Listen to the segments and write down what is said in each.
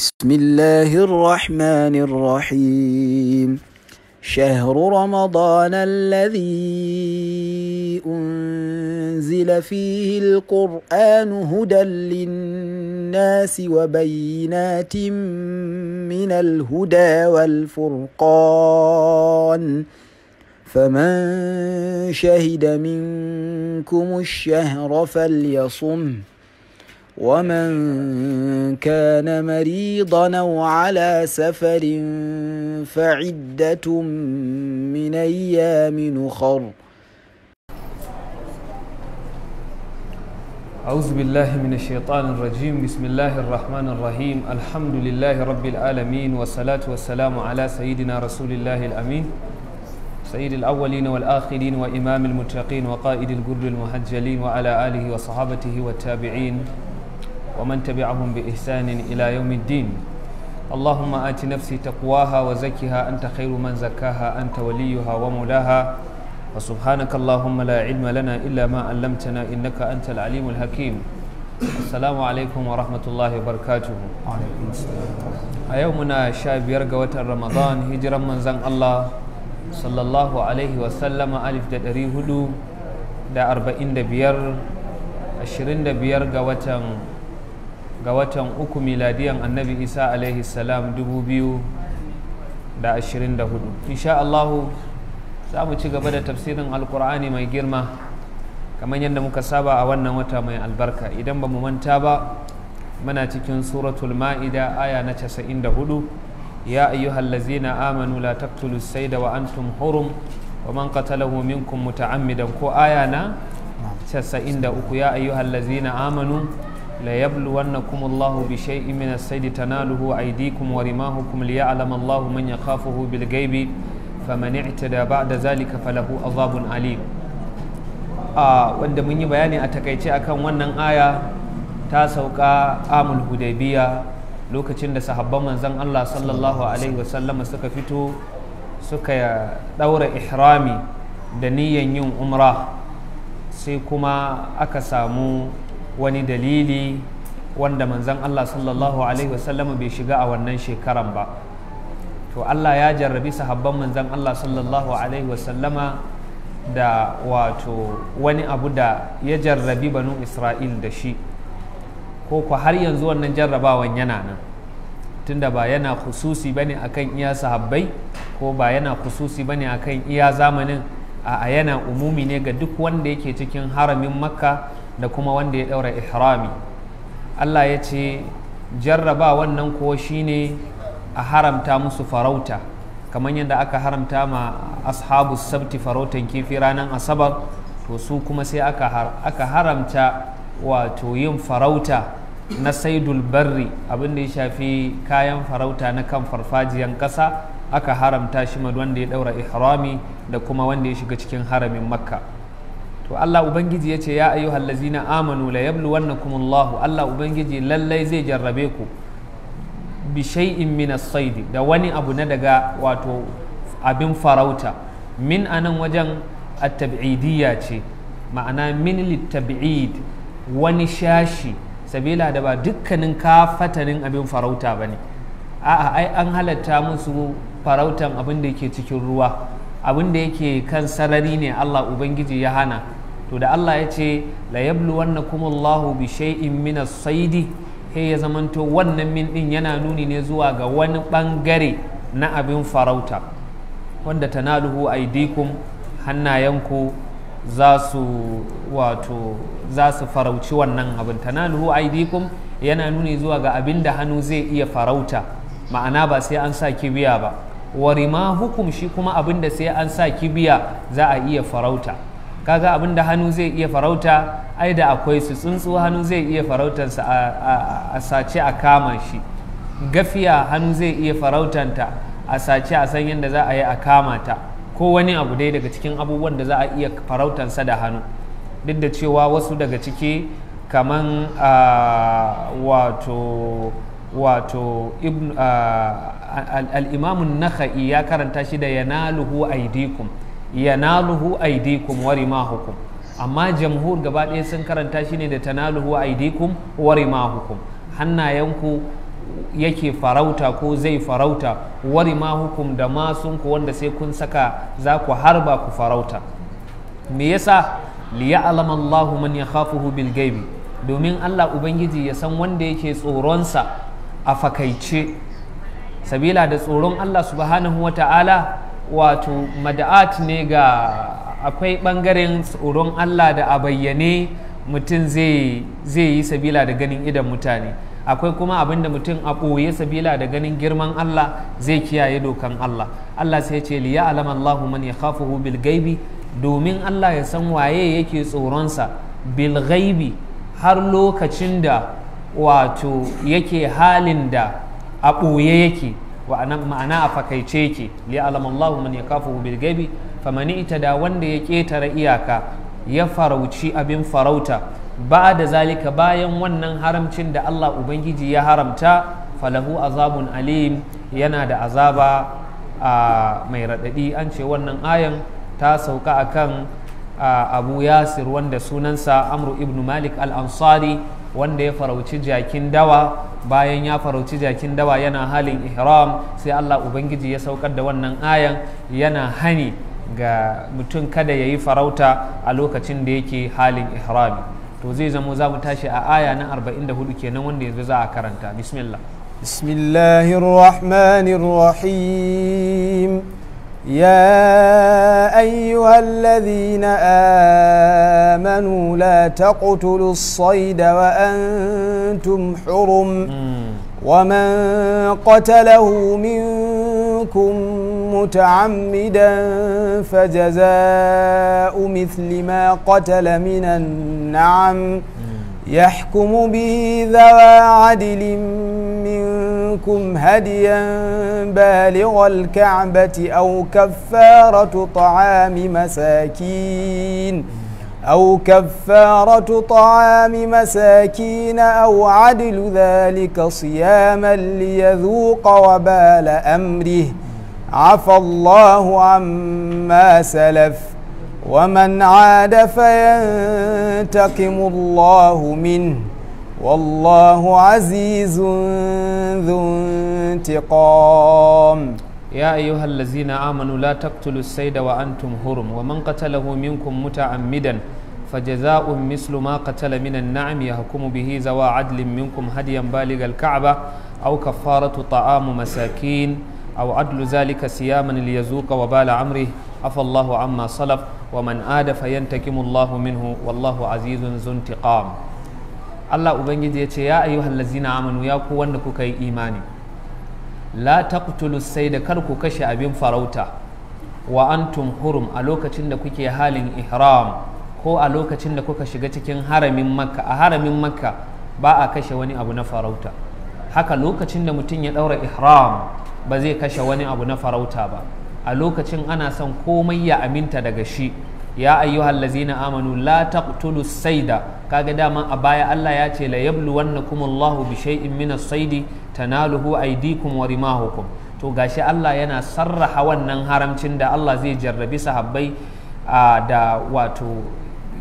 بسم الله الرحمن الرحيم شهر رمضان الذي انزل فيه القران هدى للناس وبينات من الهدى والفرقان فمن شهد منكم الشهر فليصمه ومن كان مريضا او على سفر فعده من ايام اخر أعوذ بالله من الشيطان الرجيم بسم الله الرحمن الرحيم الحمد لله رب العالمين والصلاة والسلام على سيدنا رسول الله الأمين سيد الأولين والآخرين وإمام المتقين وقائد الجر المهجلين وعلى آله وصحابته والتابعين wa mantabii a bi ihsanin ila yau mitaɗi allahuma an taɓa naftira kuwai hawa zakiya an taɓa man zakaya an taɓa waliyyau hawa muda hawa subhana ka allahumma la cimma lana illa ma allamtana ina ko an taɓa calimu haƙi. as-salamu wa rahmatulahii a yau muna sha biyar ga watan ramadan hijira manzon allah sallallahu alaihi wa sallam alif da dari hudu da arba'in da biyar ashirin da biyar ga watan. ga watan uku miladiyan annabi isa alaihi salam 2024 insha Allahu za mu ci gaba da tafsirin alkur'ani mai girma kamar yadda muka saba a wannan wata mai albarka idan ba mu manta ba muna cikin suratul ma'ida aya na 94 ya ayyuhal lazina amanu la taqtulu sayda wa antum hurum wa man qatalahu minkum muta'ammidan ko aya na uku. ya ayyuhal lazina amanu layablu yablu wanna kuma allahu bi shai imina sai tana luhu a yi dikun wari ma hukum liya alama allahu manya kafuhu bil gaibi famani da ba da zalika falahu a zabun ali a wanda mun yi bayani a takaice a kan wannan aya ta sauka amul hudaibiya lokacin da sahabban manzan allah sallallahu alaihi wasallama suka fito suka daura ihrami da niyan yin umra sai kuma aka samu wani dalili wanda manzan Allah sallallahu alaihi wasallam bai shiga a wannan shekaran ba to Allah ya jarrabi sahabban manzan Allah sallallahu alaihi wasallama da wato wani abu da ya jarrabi banu Isra'il da shi ko ku har yanzu wannan jarrabawan yana nan tunda ba yana kususi a akan iya sahabbai ko ba yana kususi a kan iya zamanin a yana umumi ne ga duk wanda yake cikin haramin makka da kuma wanda ya ɗaura ihrami Allah ya ce jarraba wannan kuwa shine a haramta musu farauta kamar yadda aka haramta ma ashabu sabti farautan kifi ranar asabar to su kuma sai aka haramta wato yin farauta na saidul barri abinda ya shafi kayan farauta na kan farfajiyan ƙasa aka haramta shi wanda ya ɗaura ihrami da kuma wanda ya shiga cikin haramin makka to Allah ubangiji ya ce ya halazi na amanu la wannan Allah Allah ubangiji lallai zai jarrabe ku bi shay'in min as-sayd da wani abu na daga wato abin farauta min anan wajen at-tab'idiyya ce ma'ana min lit-tab'id wani shashi sabila da ba dukkanin kafatanin abin farauta bane a'a ai an halatta musu farautan abin da yake cikin ruwa abin da yake kan sarari ne Allah ubangiji ya hana to da Allah ya ce la kuma Allah bi shay'in min as-sayd he ya zamanto wannan min din yana nuni ne zuwa ga wani bangare na abin farauta wanda tanaluhu aidikum hannayenku za su wato za su farauci wannan abin tanaluhu aidikum yana nuni zuwa ga abin da hannu zai iya farauta ma'ana ba sai an sa kibiya ba warima hukum shi kuma abin da sai an sa kibiya za a iya farauta kaga abin da hannu zai iya farauta ai da akwai su tsuntsu hannu zai iya farautansa a sace a kama shi gafiya hannu zai iya farautanta a sace a san yadda za a yi a kama ta ko wani abu dai daga cikin abubuwan da za a iya farautansa da hannu duk da cewa wasu daga ciki kaman wato wato al'imamun naka'i ya karanta shi da luhu aidikum yanaluhu aidikum wa rimahukum amma jamhur gaba ɗaya sun karanta shi ne da tanaluhu aidikum wa rimahukum hannayenku yake farauta ko zai farauta wari ma da masunku wanda sai kun saka za ku harba ku farauta me yasa liya'lam Allahu man yakhafuhu bil gaibi domin Allah ubangiji ya san wanda yake tsoronsa a fakaice sabila da tsoron Allah subhanahu wa ta'ala. wato mada'at ne ga akwai ɓangaren tsoron Allah da a bayyane mutum zai yi sabila da ganin idan mutane akwai kuma abin da mutum a ɓoye sabila da ganin girman Allah zai kiyaye dokan Allah Allah sai ce liya alama Allahu man ya khafuhu bil gaibi domin Allah ya san waye yake tsoronsa bilgaibi har lokacin da wato yake halin da a ɓoye yake wa anan ma'ana a fakaice yake li alamallahu man yakafu bil gaibi faman itada wanda ya ketara iyaka ya farauci abin farauta ba da zalika bayan wannan haramcin da Allah ubangiji ya haramta falahu azabun alim yana da azaba a mai raɗaɗi an ce wannan ayan ta sauka akan abu yasir wanda sunansa amru ibnu malik al-ansari wanda ya farauci jakin dawa bayan ya farauci jakin dawa yana halin ihram sai Allah ubangiji ya saukar da wannan ayan yana hani ga mutum kada ya yi farauta a lokacin da yake halin ihrami to zai zamo za mu tashi a aya na 44 kenan wanda yanzu za a karanta bismillah bismillahir rahmanir rahim يا أيها الذين آمنوا لا تقتلوا الصيد وأنتم حرم ومن قتله منكم متعمدا فجزاء مثل ما قتل من النعم يحكم به ذوى عدل منكم هديا بالغ الكعبة أو كفارة طعام مساكين أو كفارة طعام مساكين أو عدل ذلك صياما ليذوق وبال أمره عفى الله عما سلف ومن عاد فينتقم الله منه والله عزيز ذو انتقام يا أيها الذين آمنوا لا تقتلوا السيد وأنتم هرم ومن قتله منكم متعمدا فجزاء مثل ما قتل من النعم يحكم به ذوى عدل منكم هديا بالغ الكعبة أو كفارة طعام مساكين أو عدل ذلك صياما ليذوق وبال أمره عفى الله عما سلف ومن آد فينتكم الله منه والله عزيز ذو انتقام Allah ubangiji ya ce ya ayyuhal ladzina amanu ya ku wanda kuka yi imani la sai da kar ku kashe abin farauta wa antum hurum a lokacin da kuke halin ihram ko a lokacin da kuka shiga cikin haramin makka a haramin makka ba a kashe wani abu na farauta haka lokacin da mutum ya daura ihram ba zai kashe wani abu na farauta ba a lokacin ana son komai ya aminta daga shi ya ayyuhal lazina amanu la taqtulu saida kaga dama a baya Allah ya ce la kuma Allahu bi shay'in min as-saidi tanaluhu aydikum wa rimahukum to gashi Allah yana sarraha wannan haramcin da Allah zai jarrabi sahabbai da wato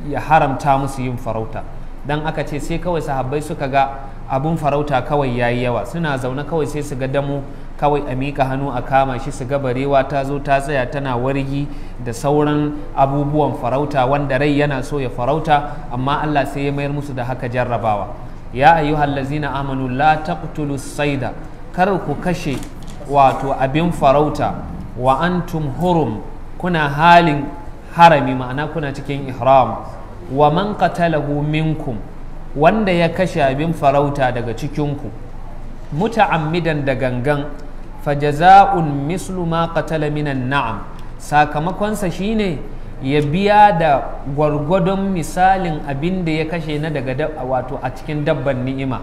ya haramta musu yin farauta dan aka ce sai kawai sahabbai suka ga abun farauta kawai yayi yawa suna zaune kawai sai su ga damu kawai a mika hannu a kama shi su gabarewa ta zo ta tsaya tana wargi da sauran abubuwan farauta wanda rai yana so ya farauta amma Allah sai ya mayar musu da haka jarrabawa ya ayyuhallazina amanu la taqtulu saida kar ku kashe wato abin farauta wa antum hurum kuna halin harami ma'ana kuna cikin ihram wa man qatalahu minkum wanda ya kashe abin farauta daga cikinku muta'ammidan da gangan fajaza'un mislu ma qatala minan na'am sakamakonsa shine ya biya da gwargwadon misalin abin da ya kashe na daga wato a cikin dabban ni'ima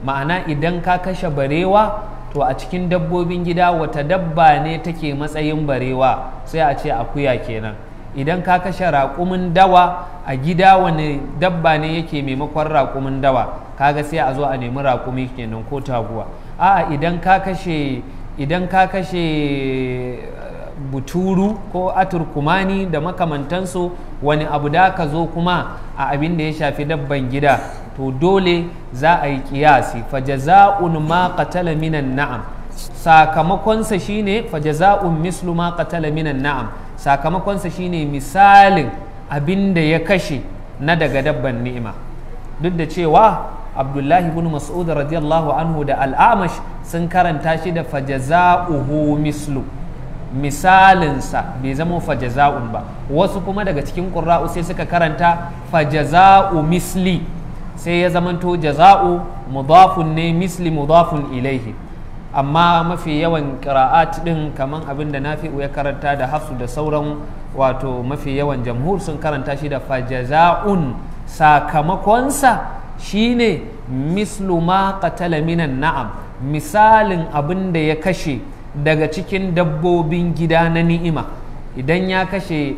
ma'ana idan ka kashe barewa to a cikin dabbobin gida wata dabba ne take matsayin barewa sai a ce akuya kenan idan ka kashe raƙumin dawa a gida wani dabba ne yake maimakon raƙumin dawa kaga sai a zo a nemi raƙumi kenan ko taguwa a'a idan ka kashe idan ka kashe eh, buturu ko aturkumani da makamantansu wani abu da ka zo kuma a abin da ya shafi dabban gida to dole za a yi kiyasi fajaza'un ma qatala minan na'am sakamakonsa shine fajaza'un mislu ma qatala minan na'am sakamakonsa shine misalin abin da ya kashe na daga dabban ni'ima duk da cewa abdullahi ibn mas'ud radiyallahu anhu da al'amash sun karanta shi da fajaza'uhu mislu misalinsa bai zama fajaza'un ba wasu kuma daga cikin ƙura'u sai suka karanta fajaza'u misli sai ya zamanto jaza'u mudafun ne misli mudafun ilaihi amma mafi yawan ƙira'at ɗin kamar abin da nafi'u ya karanta da hafsu da sauran wato mafi yawan jamhur sun karanta shi da fajaza'un sakamakonsa Shi ne misluma qatala minan na'am misalin abin da ya kashe daga cikin dabbobin gida na ni'ima idan ya kashe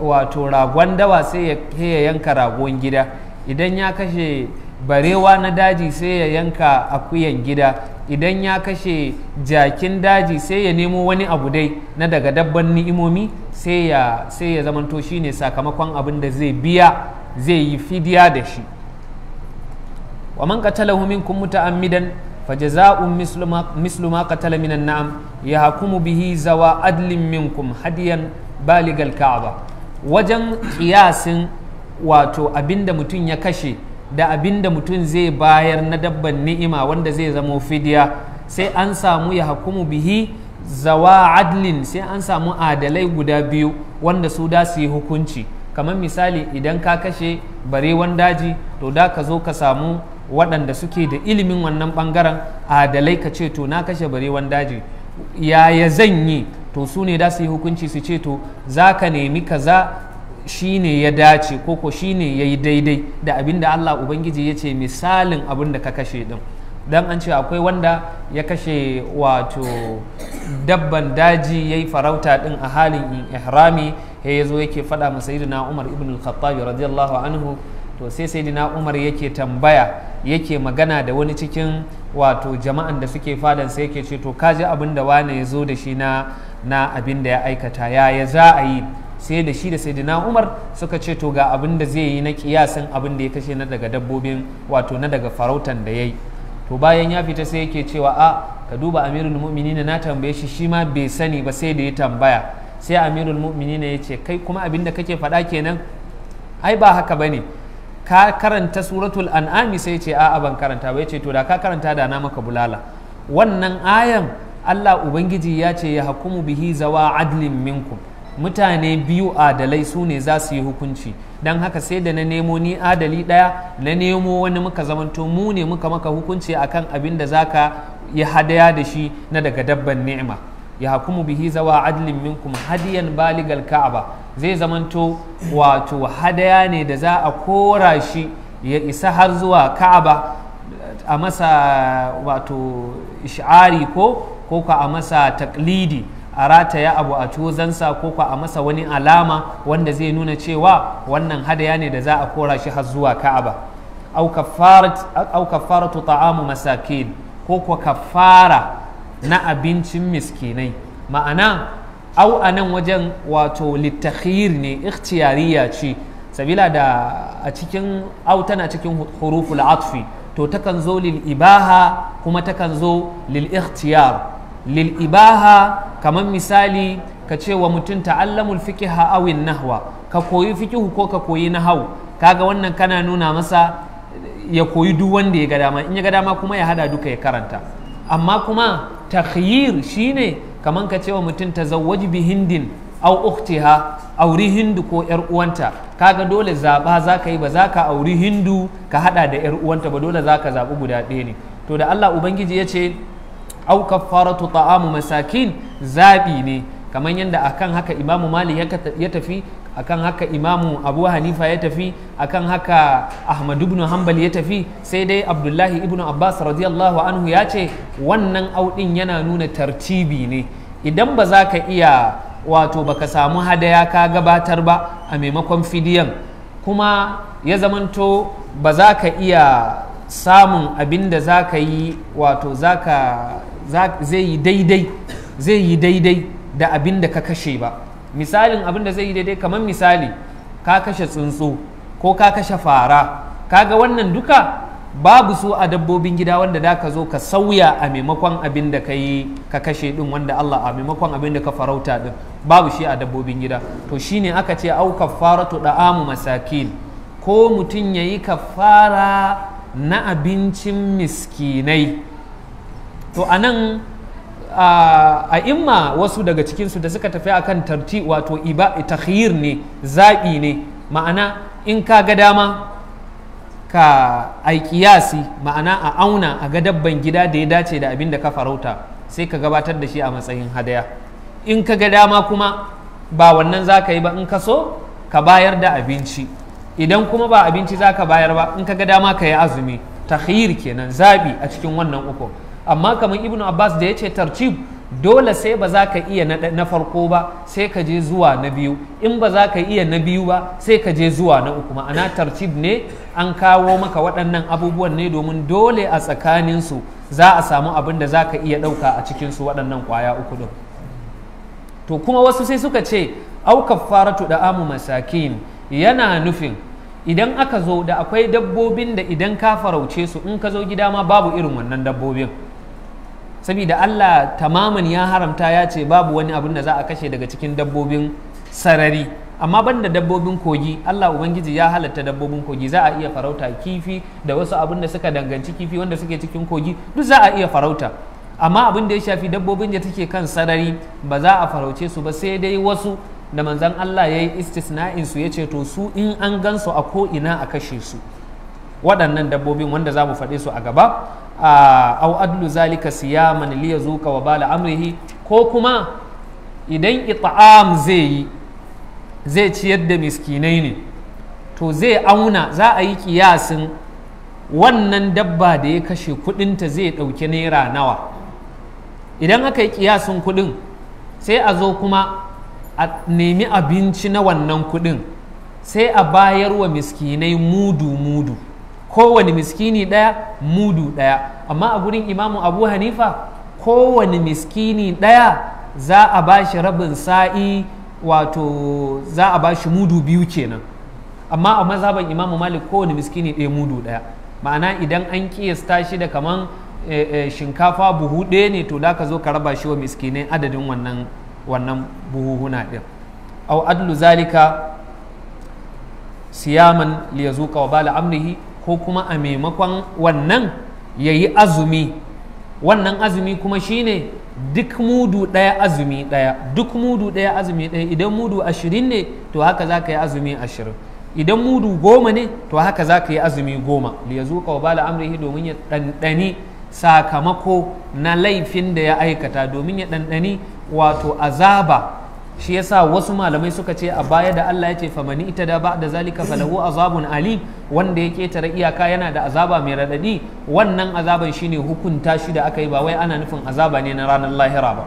wato ragon dawa sai ya yanka ragon gida idan ya kashe barewa na daji sai ya yanka akuyan gida idan ya kashe jakin daji sai ya nemo wani abu dai na daga dabban ni'imomi sai ya zamanto ne sakamakon abin da zai biya zai yi fidiya da shi wa man qatalahu minkum muta'ammidan fajaza'un mislu ma mislu ma qatala minan na'am yahkumu bihi zawa adlin minkum hadiyan baligal ka'aba wajen kiyasin wato abinda mutum ya kashe da abinda mutum zai bayar na dabban ni'ima wanda zai zamo fidiya sai an samu ya hakumu bihi zawa adlin sai an samu adalai guda biyu wanda su da su yi hukunci kamar misali idan ka kashe barewan daji to da ka zo ka samu waɗanda suke da ilimin wannan ɓangaren adalai ka ce to na kashe barewan daji yaya zan yi to su ne da su yi hukunci su ce to za ka nemi kaza shi ne ya dace ko ko shi ne ya yi daidai da abin da Allah Ubangiji ya ce misalin abin da ka kashe ɗin don an ce akwai wanda ya kashe wato dabban daji ya yi farauta ɗin a halin ihrami ya zo yake faɗa masa na Umar ibn al-Khattabi radiyallahu anhu to sai saidina umar yake tambaya yake magana da wani cikin wato jama'an da suke fadan sai yake ce to kaji abin da wane ya zo da shi na na abin da ya aikata ya ya za a yi sai da shi da saidina umar suka ce to ga abin da zai yi na kiyasin abin da ya kashe na daga dabbobin wato na daga farautan da ya yi to bayan ya fita sai yake cewa a ka duba amirul na tambaye shi shi ma bai sani ba sai da ya tambaya sai amirul mu'minina ya ce kai kuma abin da kake faɗa kenan ai ba haka bane ka karanta suratul an'ami sai ce a'a ban karanta ba ce to da ka karanta da na maka bulala wannan ayan Allah ubangiji ya ce ya hakumu bihi zawa adlin minkum mutane biyu adalai su ne za su yi hukunci don haka sai da na nemo ni adali ɗaya na nemo wani muka zamanto mu ne muka maka hukunci akan abin da zaka yi hadaya da shi na daga dabban ni'ima ya hakumu bihi zawa adlin minkum hadiyan baligal ka'aba zai zamanto wato hadaya ne da za a kora shi ya isa har zuwa ka'aba a masa wato ish'ari ko ko ka a masa taklidi a rataya abu a tozansa ko ka a masa wani alama wanda zai nuna cewa wannan hadaya ne da za a kora shi har zuwa ka'aba au kafaratu ta'amu masakin ko kuwa kafara na abincin miskinai ma'ana au a nan wajen wato littakhir ne ikhtiyariya ce sabila da a cikin au tana cikin huruful atfi to takan zo lil ibaha kuma takan zo lil ikhtiyar lil ibaha kamar misali ka ce wa mutum ta'allamul fiqha awin nahwa ka koyi fikihu ko ka koyi nahau kaga wannan kana nuna masa ya koyi duk wanda ya ga dama in ya ga dama kuma ya hada duka ya karanta amma kuma takhyir shine kaman ka cewa mutum ta zawwaji bi hindin au ukti ha auri hindu ko yar uwanta kaga dole zaba za ka yi ba za ka auri hindu ka hada da yar uwanta ba dole za ka zaɓi guda ɗaya ne to da Allah ubangiji ya ce au kaffaratu ta'amu masakin zaɓi ne kamar yadda akan haka imamu mali ya tafi akan haka imamu abu hanifa ya tafi akan haka ahmad ibn hanbal ya tafi sai dai abdullahi ibn abbas radiyallahu anhu ya ce wannan audin yana nuna tartibi ne idan ba za ka iya wato baka samu hadaya ka gabatar ba a maimakon fidiyan kuma ya zamanto ba za ka iya samun abin da za ka yi wato daidai zai yi daidai da abin da ka kashe ba misalin abin da zai yi daidai kamar misali ka kashe tsuntsu ko ka kashe fara kaga wannan duka babu su a dabbobin gida wanda da ka zo ka sauya a maimakon abin da ka yi ka kashe din wanda Allah a maimakon abin da ka farauta din babu shi a dabbobin gida to shine aka ce au kaffaratu da'amu masakin ko mutum ya yi kafara na abincin miskinai to anan a imma wasu daga cikinsu da suka tafi akan tarti wato iba takhir ne zaɓi ne ma'ana in ka ga dama ka aikiyasi ma'ana a auna a ga dabban gida da ya dace da abin da ka farauta sai ka gabatar da shi a matsayin hadaya in ka ga dama kuma ba wannan za ka yi ba in ka so ka bayar da abinci idan kuma ba abinci za ka bayar ba in ka ga dama ka yi azumi takhir kenan zaɓi a cikin wannan uku amma kamar ibn abbas da ya ce tartib dole sai ba za ka iya na farko ba sai ka je zuwa na biyu in ba za ka iya na biyu ba sai ka je zuwa na uku ma'ana tartib ne an kawo maka waɗannan abubuwan ne domin dole a tsakaninsu za a samu abin da za ka iya ɗauka a cikinsu waɗannan kwaya uku ɗin to kuma wasu sai suka ce auka faratu da amu masakin yana nufin idan aka zo da akwai dabbobin da idan ka farauce su in ka zo gida ma babu irin wannan dabbobin saboda Allah tamaman ya haramta ya ce babu wani abin da za a kashe daga cikin dabbobin sarari amma banda dabbobin kogi Allah ubangiji ya halatta dabbobin kogi za a iya farauta kifi da wasu abin da suka danganci kifi wanda suke cikin kogi duk za a iya farauta amma abin da ya shafi dabbobin da take kan sarari ba za a farauce su ba sai dai wasu da manzan Allah ya yi istisna'in su ya ce to su in an gan su a ko ina a kashe su waɗannan dabbobin wanda za mu faɗe su a gaba au adlu zalika siyaman li yazuqa wa bala amrihi ko kuma idan it'am zai yi zai ciyar da miskinai ne to zai auna za a yi kiyasin wannan dabba da ya kashe kudinta zai ɗauki naira nawa idan aka yi kiyasin kudin sai a zo kuma a nemi abinci na wannan kudin sai a bayar wa miskinai mudu-mudu kowane miskini ɗaya mudu ɗaya amma a gurin imamu abu hanifa kowane miskini ɗaya za a ba shi rabin sa'i wato za a ba shi mudu biyu kenan amma a mazhaban imamu malik kowane miskini ɗaya mudu ɗaya ma'ana idan an kiyasta shi da kaman eh, eh, shinkafa buhu ɗaya ne to da ka zo ka raba shi wa miskinai adadin wannan wannan buhuhuna ɗin au adlu zalika siyaman liyazuka wa bala amrihi ko kuma a maimakon wannan ya yi azumi wannan azumi kuma shine duk mudu ɗaya azumi ɗaya duk mudu ɗaya azumi ɗaya idan mudu ashirin ne to haka za ka yi azumi ashirin idan mudu goma ne to haka za ka yi azumi goma ya zo bala amrihi domin ya ɗanɗani sakamako na laifin da ya aikata domin ya ɗanɗani wato azaba shi yasa wasu malamai suka ce a baya da Allah ya ce famani ita da ba'da zalika falahu azabun alim wanda ya ketare iyaka yana da azaba mai radadi wannan azaban shine hukunta shi da aka yi ba wai ana nufin azaba ne na ranar lahira ba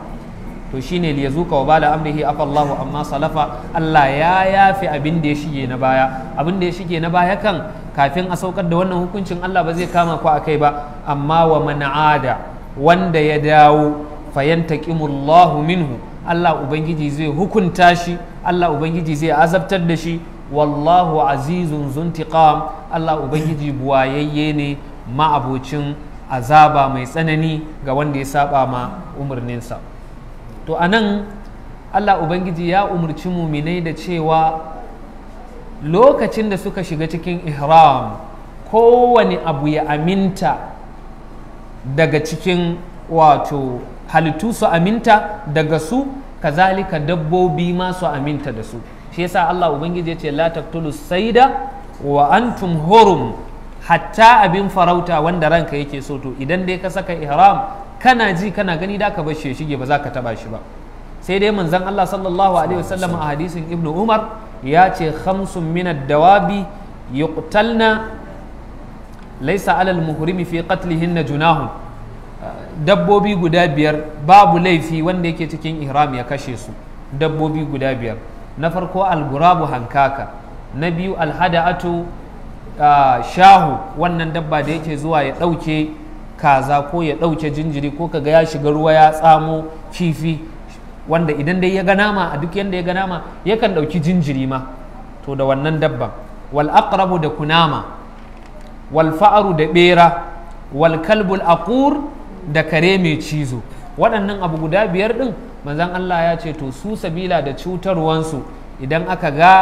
to shine li yazuka wa bala amrihi afallahu amma salafa Allah ya yafi abin da ya shige na baya abin da ya shige na baya kan kafin a saukar da wannan hukuncin Allah ba zai kama ku akai ba amma wa man'ada wanda ya dawo fayantaqimullahu minhu Allah ubangiji zai hukunta shi Allah ubangiji zai azabtar da shi wallahu azizun zuntiqam Allah ubangiji buwayayye ne ma'abocin azaba mai tsanani ga wanda ya saba ma umarninsa to anan Allah ubangiji ya umarci muminai da cewa lokacin da suka shiga cikin ihram kowane abu ya aminta daga cikin wato halittu su aminta daga su kazalika dabbobi ma su aminta da su shi yasa Allah ubangiji ya ce la taqtulu sayda wa antum hurum hatta abin farauta wanda ranka yake so to idan dai ka saka ihram kana ji kana gani da ka bar shi shige ba za ka taba shi ba sai dai manzon Allah sallallahu alaihi wasallam a hadisin Ibn Umar ya ce khamsun min dawabi yuqtalna laysa alal al-muhrimi fi qatlihunna junahun dabbobi guda biyar babu laifi wanda yake cikin ihram ya kashe su dabbobi guda biyar na farko algurabu hankaka na biyu alhada'atu shahu wannan dabba da yake zuwa ya ɗauke kaza ko ya ɗauke jinjiri ko kaga ya shiga ruwa ya tsamo kifi wanda idan dai ya ga nama a duk yanda ya ga nama yakan ɗauki jinjiri ma to da wannan dabban wal aqrabu da kunama wal fa'aru da bera wal kalbul aqur da kare mai cizo waɗannan abu guda biyar ɗin manzan Allah ya ce to su sabila da cutarwansu idan aka ga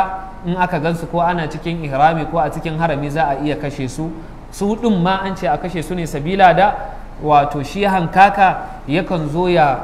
in aka gansu ko ana cikin ihrami ko a cikin harami za a iya kashe su su ɗin ma an ce a kashe su ne sabila da wato shi hankaka yakan zo ya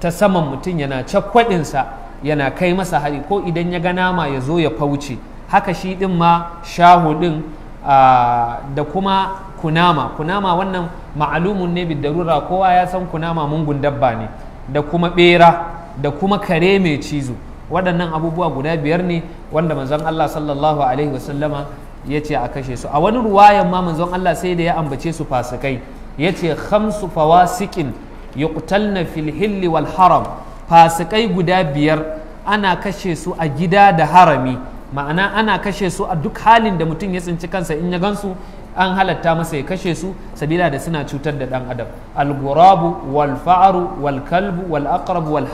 ta saman mutum yana cakwaɗinsa yana kai masa hari ko idan ya ga nama ya zo ya fauce haka shi ɗin ma shahu ɗin ah, da kuma kunama kunama wannan ma'alumun ne darura kowa ya san kunama mungun dabba ne da kuma bera da kuma kare mai cizo waɗannan abubuwa guda biyar ne wanda manzon Allah sallallahu alaihi wasallama ya ce a kashe su a wani ruwayan ma manzon Allah sai da ya ambace su fasikai ya ce khamsu fawasikin yuqtalna fil hilli wal haram fasikai guda biyar ana kashe su a gida da harami ma'ana ana kashe su a duk halin da mutum ya tsinci kansa in ya gansu an halatta masa ya kashe su sabila da suna cutar da dan adam al gurabu wal fa'ru wal kalbu wal aqrab wal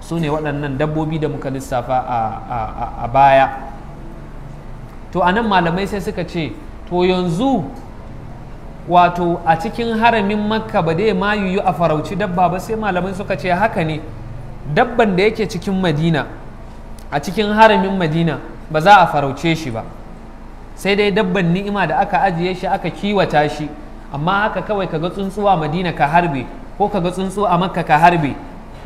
su sune waɗannan dabbobi da muka lissafa a baya to anan malamai sai suka ce to yanzu wato a cikin haramin makka ba dai ma yiwu a farauci dabba ba sai malamai suka ce haka ne dabban da yake cikin madina a cikin haramin madina ba za a farauce shi ba sai dai dabban ni'ima da aka ajiye shi aka kiwata shi amma haka kawai kaga tsuntsu a madina ka harbe ko ka ga tsuntsu a makka ka harbe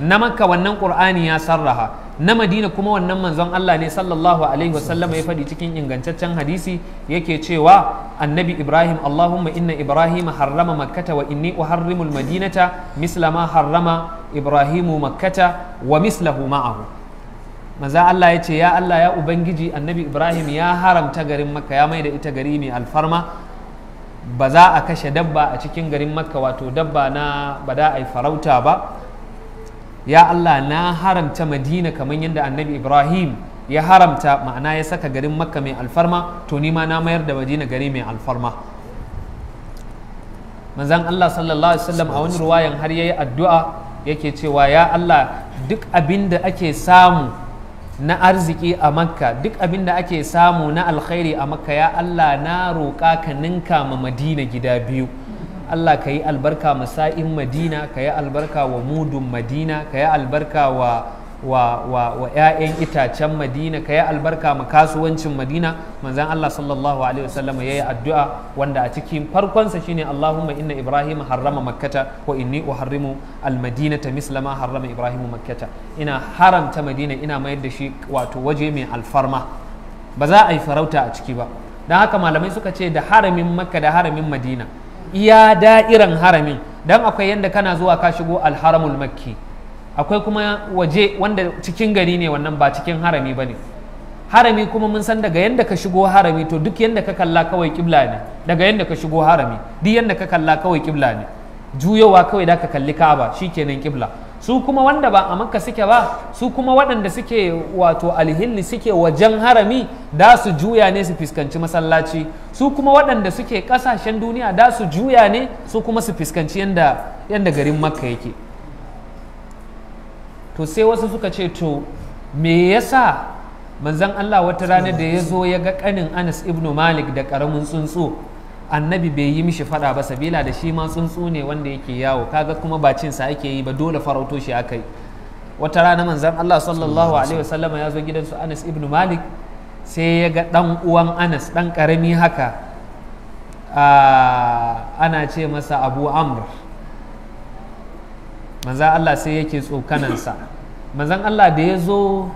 na makka wannan qur'ani ya sarraha na madina kuma wannan manzon Allah ne sallallahu alaihi wasallam ya faɗi cikin ingantaccen hadisi yake cewa annabi ibrahim allahumma inna ibrahim harrama makkata wa inni uharrimul madinata misla ma harrama ibrahimu makkata wa mislahu ma'ahu maza Allah ya ce ya Allah ya ubangiji annabi Ibrahim ya haramta garin makka ya maida ita gari mai alfarma ba za a kashe dabba a cikin garin makka wato dabba na ba da a yi farauta ba ya Allah na haramta madina kamar yadda annabi Ibrahim ya haramta ma'ana ya saka garin makka mai alfarma to ni ma na mayar da madina gari mai alfarma manzan Allah sallallahu alaihi wasallam a wani ruwayan har yayi addu'a yake cewa ya Allah duk abin da ake samu na arziki a makka duk abin da ake samu na alkhairi a makka ya allah na roƙa ka ninka ma madina gida biyu allah ka yi albarka masa'in madina ka yi albarka wa mudun madina ka yi albarka wa wa wa wa 'ya'yan itacen madina ka yi albarka ma kasuwancin madina manzan allah sallallahu alaihi wasallam ya yi addu'a wanda a cikin farkonsa shine allahumma inna ibrahim harrama makkata wa inni uharrimu ta mislama harrama ibrahim makkata ina haramta madina ina mayar da shi wato waje mai alfarma ba za a yi farauta a ciki ba dan haka malamai suka ce da haramin makka da haramin madina iya da'iran haramin dan akwai yadda kana zuwa ka shigo al haramul makki akwai kuma waje wanda cikin gari ne wannan ba cikin harami ba ne harami kuma mun san daga yadda ka shigo harami to duk yadda ka kalla kawai kibla ne daga yadda ka shigo harami duk yadda ka kalla kawai kibla ne juyowa kawai da ka kalli kaba kenan kibla su kuma wanda ba a makka suke ba su kuma waɗanda suke wato alhilli suke wajen harami da su juya ne su fuskanci masallaci su kuma waɗanda suke ƙasashen duniya da su juya ne su kuma su fuskanci yadda garin makka yake to sai wasu suka ce to me yasa manzan Allah wata rana da ya zo ya ga kanin Anas ibn Malik da karamin tsuntsu annabi bai yi mishi fada ba sabila da shi ma tsuntsu ne wanda yake yawo kaga kuma ba cin ake yi ba dole farauto shi aka yi wata rana manzan Allah sallallahu alaihi wasallama ya zo gidansu Anas ibn Malik sai ya ga dan uwan Anas dan karami haka ana ce masa Abu Amr manzan Allah sai yake tsokanansa manzan Allah da ya zo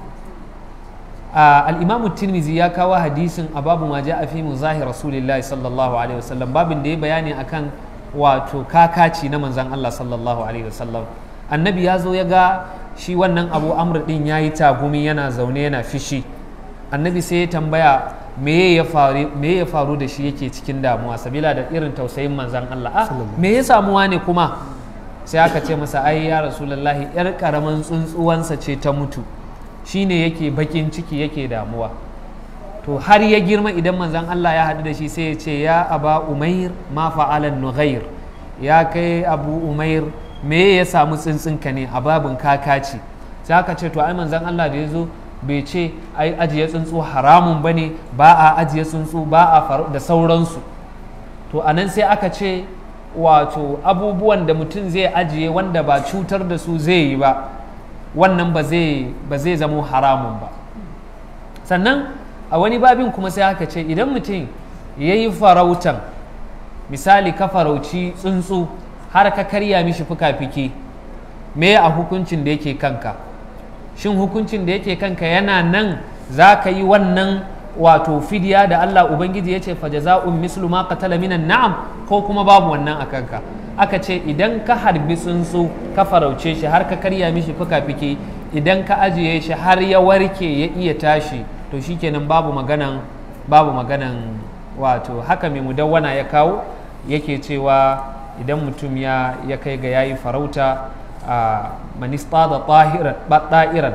al'imamu tirmizi ya kawo hadisin a babu ma a fi zahi rasulillahi sallallahu alaihi wasallam babin da ya bayani akan wato kakaci na manzan Allah sallallahu alaihi wasallam annabi ya zo ya ga shi wannan abu amr din ya yi tagumi yana zaune yana fishi annabi sai ya tambaya me ya faru da shi yake cikin damuwa sabila da irin tausayin manzan Allah ah, me ya samuwa ne kuma sai aka ce masa ai ya rasulullahi yar karaman tsuntsuwansa ce ta mutu shi ne yake bakin ciki yake damuwa to har ya girma idan manzan Allah ya haɗu da shi sai ya ce ya aba umair ma fa'alan nughair ya kai abu umair me ya samu ka ne a babin kakaci sai aka ce to ai manzan Allah da ya zo bai ce ai ajiye tsuntsu haramun bane ba a ajiye tsuntsu ba a faru da sauransu to anan sai aka ce wato abubuwan da mutum zai ajiye wanda ba cutar da su zai yi ba wannan ba zai zamo haramun ba sannan a wani babin kuma sai haka ce idan mutum ya yi farautan misali ka farauci tsuntsu har ka karya mishi fuka-fiki me a hukuncin da yake kanka shin hukuncin da yake kanka yana nan za ka yi wannan wato fidiya da Allah ubangiji ya ce fajaza'un mislu ma qatala minan na'am ko kuma babu wannan a ka. aka ce idan ka harbi tsuntsu ka farauce shi har ka karya mishi fuka-fiki idan ka ajiye shi har ya warke ya iya tashi to shikenan babu maganan babu maganan wato haka mai mudawwana ya kawo yake cewa idan mutum ya ya kai ga yayi farauta a manistada tahiran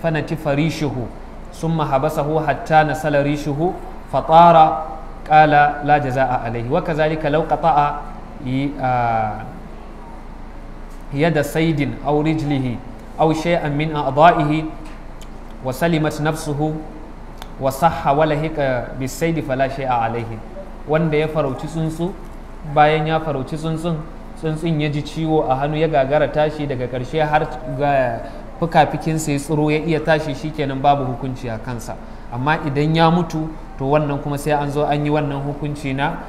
fana shihu. summa habasahu hatta nasala faɗara fatara qala za a alaihi wa kazalika law qata'a yada saidin aw rijlihi aw shay'an min a'dha'ihi wa salimat nafsuhu wa sahha wa lahika bisaidi fala a alaihi wanda ya farauci tsuntsu bayan ya farauci tsuntsun tsuntsun ya ji ciwo a hannu ya gagara tashi daga ƙarshe har fukafikinsa ya tsiro ya iya tashi shikenan babu hukunci a kansa amma idan ya mutu to wannan kuma sai an zo an yi wannan hukunci na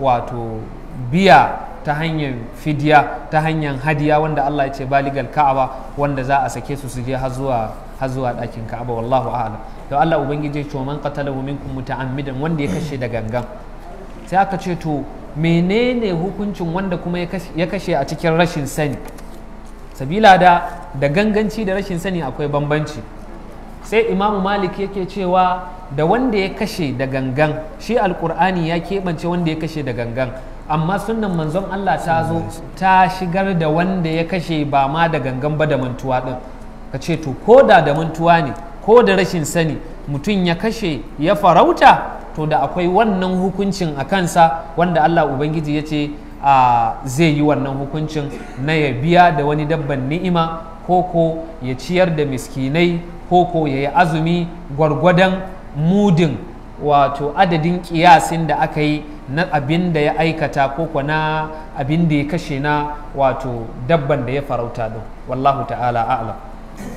wato biya ta hanyar fidiya ta hanyar hadiya wanda Allah ya ce baligal ka'aba wanda za a sake su su je har zuwa ɗakin ka'aba wallahu a'lam to Allah ubangiji ya ce man qatalahu minkum muta'ammidan wanda ya kashe da gangan sai aka ce to menene hukuncin wanda kuma ya kashe a cikin rashin sani sabila da da ganganci da rashin sani akwai bambanci sai imamu malik yake cewa da wanda ya kashe da gangan shi alkur'ani ya keɓance wanda ya kashe da gangan amma sunan manzon allah ta zo ta shigar da wanda ya kashe ba ma da gangan ba da mantuwa ɗin ka ce to ko da da mantuwa ne ko da rashin sani mutum ya kashe ya farauta to da akwai wannan hukuncin a kansa wanda allah ubangiji ya ce zai yi wannan hukuncin na ya biya da wani dabban ni'ima koko ya ciyar da miskinai koko ya yi azumi gwargwadon mudin wato adadin kiyasin da aka yi na abin da ya aikata koko na abin da ya kashe na wato dabban da ya farauta don wallahu ta'ala a'lam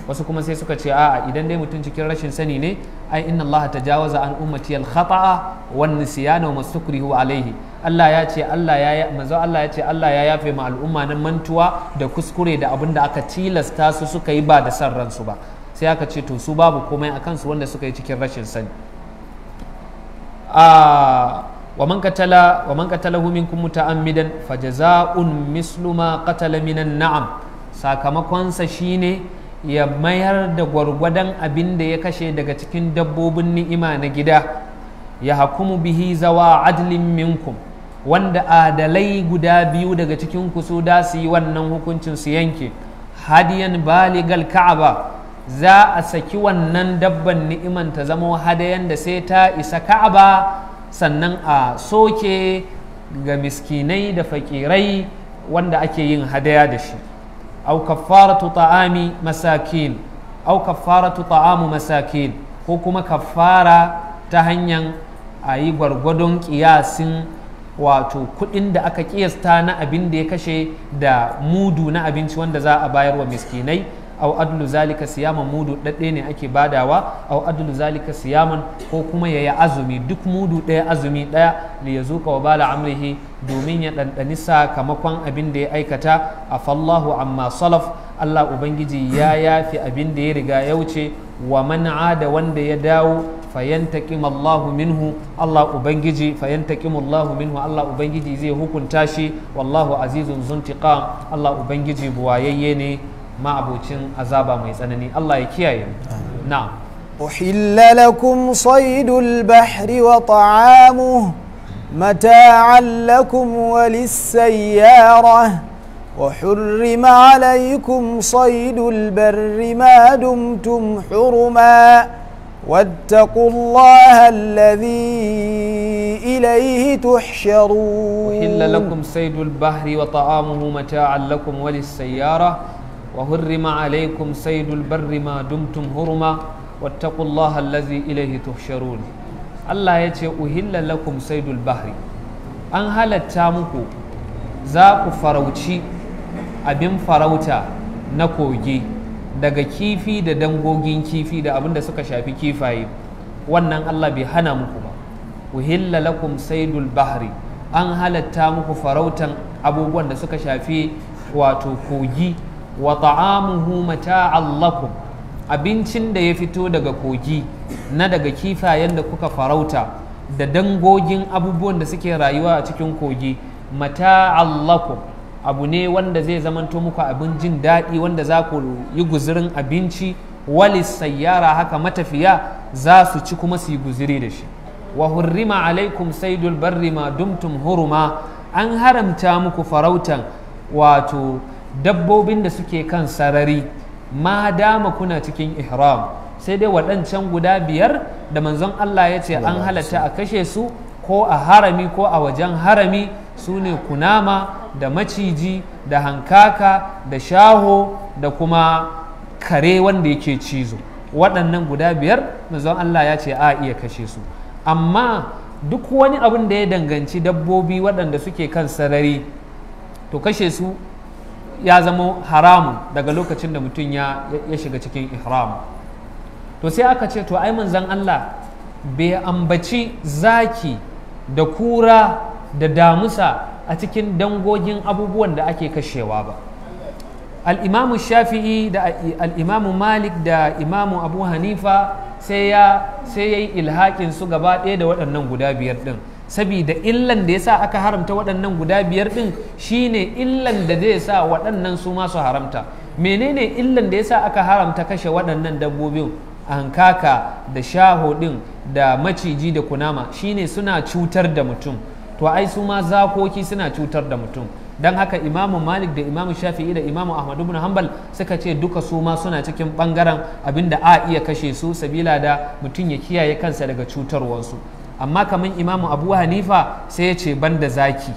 wasu kuma sai suka ce a'a idan dai mutum cikin rashin sani ne ai inna Allah jawaza an ummati al khata'a wan nisyana wa mastukrihu alaihi Allah ya ce Allah ya manzo Allah ya ce Allah ya yafe ma al'umma nan mantuwa da kuskure da abin da aka tilasta su suka yi ba da san ransu ba sai aka ce to su babu komai akan su wanda suka yi cikin rashin sani a ومن قتل ومن قتله منكم متعمدا فجزاء مثل qatala minan na'am sakamakon sakamakonsa shine ya mayar da gwargwadon abin da ya kashe daga cikin dabbobin ni'ima na gida ya hakumu bihi zawa adlin minkum wanda adalai guda biyu daga cikin ku su da su yi wannan hukuncin su yanke hadiyan baligal ka'aba za a saki wannan dabban ni'iman ta zamo hadayan da sai ta isa ka'aba sannan a soke ga miskinai da fakirai wanda ake yin hadaya da shi au kaffaratu ta'ami masakin au kaffaratu ta'amu masakin ko kuma kafara ta hanyar a yi gwargwadon kiyasin wato kudin da aka kiyasta na abin da ya kashe da mudu na abinci wanda za a bayar wa miskinai au adlu zalika siyaman mudu ɗaɗɗe ne ake badawa au adlu zalika siyaman ko kuma ya yi azumi duk mudu ɗaya azumi ɗaya da ya zuka wa bala amrihi domin ya ɗanɗani sakamakon abin da ya aikata a fallahu amma salaf Allah Ubangiji ya yafi abin da ya riga ya wuce wa man'a da wanda ya dawo fayantakim Allahu minhu Allah ubangiji fayantakim Allahu minhu Allah ubangiji zai hukunta shi wallahu azizun zuntiqam Allah ubangiji buwayayye ne ma'abucin azaba mai tsanani Allah ya kiyaye na'am uhilla lakum saydul bahri wa ta'amuhu متاعا لكم وللسيارة وحرم عليكم صيد البر ما دمتم حرما واتقوا الله الذي إليه تحشرون أحل لكم صيد البحر وطعامه متاعا لكم وللسيارة وحرم عليكم صيد البر ما دمتم حرما واتقوا الله الذي إليه تحشرون Allah ya ce uhilla lakum saidul bahri an halatta muku za ku farauci abin farauta na kogi daga kifi da dangogin kifi da abin da suka shafi kifaye wannan Allah bai hana muku ba uhilla lakum saidul bahri an halatta muku farautan abubuwan da suka shafi wato kogi wa ta'amuhu mata'allakum abincin da ya fito daga kogi na daga kifayen da kuka farauta da dangogin abubuwan da suke rayuwa a cikin kogi mata allako abu ne wanda zai zamanto muku abin jin daɗi wanda za ku yi guzirin abinci walis sayyara haka matafiya za su ci kuma su yi guziri da shi wa hurrima alaikum saidul barri ma dumtum huruma an haramta muku farautan wato dabbobin da suke kan sarari ma dama kuna cikin ihram sai dai waɗancan guda biyar da manzon Allah ya ce an halatta a kashe su ko a harami ko a wajen harami su ne kunama da maciji da hankaka da shaho da kuma kare wanda yake cizo waɗannan guda biyar manzon Allah ya ce a iya kashe su amma duk wani abin da ya danganci dabbobi waɗanda suke kan sarari to kashe su ya zama haramun daga lokacin da mutum ya shiga cikin ihram to sai aka ce to ai manzan Allah bai ambaci zaki da kura da damusa a cikin dangogin abubuwan da ake kashewa ba al'imamu shafi'i da al'imamu malik da imamu abu hanifa sai ya yi ilhakin su gaba ɗaya da waɗannan guda biyar ɗin saboda illan da sa aka haramta waɗannan guda biyar ɗin shine illan da zai sa waɗannan su masu haramta menene illan da sa aka haramta kashe waɗannan dabbobin hankaka da shaho ɗin da maciji da kunama shine suna cutar da mutum to ai su ma zakoki suna cutar da mutum don haka imamu malik da imamu shafi'i da imamu ahmadu bin hanbal suka ce duka su ma suna cikin bangaren abinda a iya kashe su sabila da mutum ya kiyaye kansa daga cutarwarsu amma kamar imamu abu hanifa sai ya ce banda zaki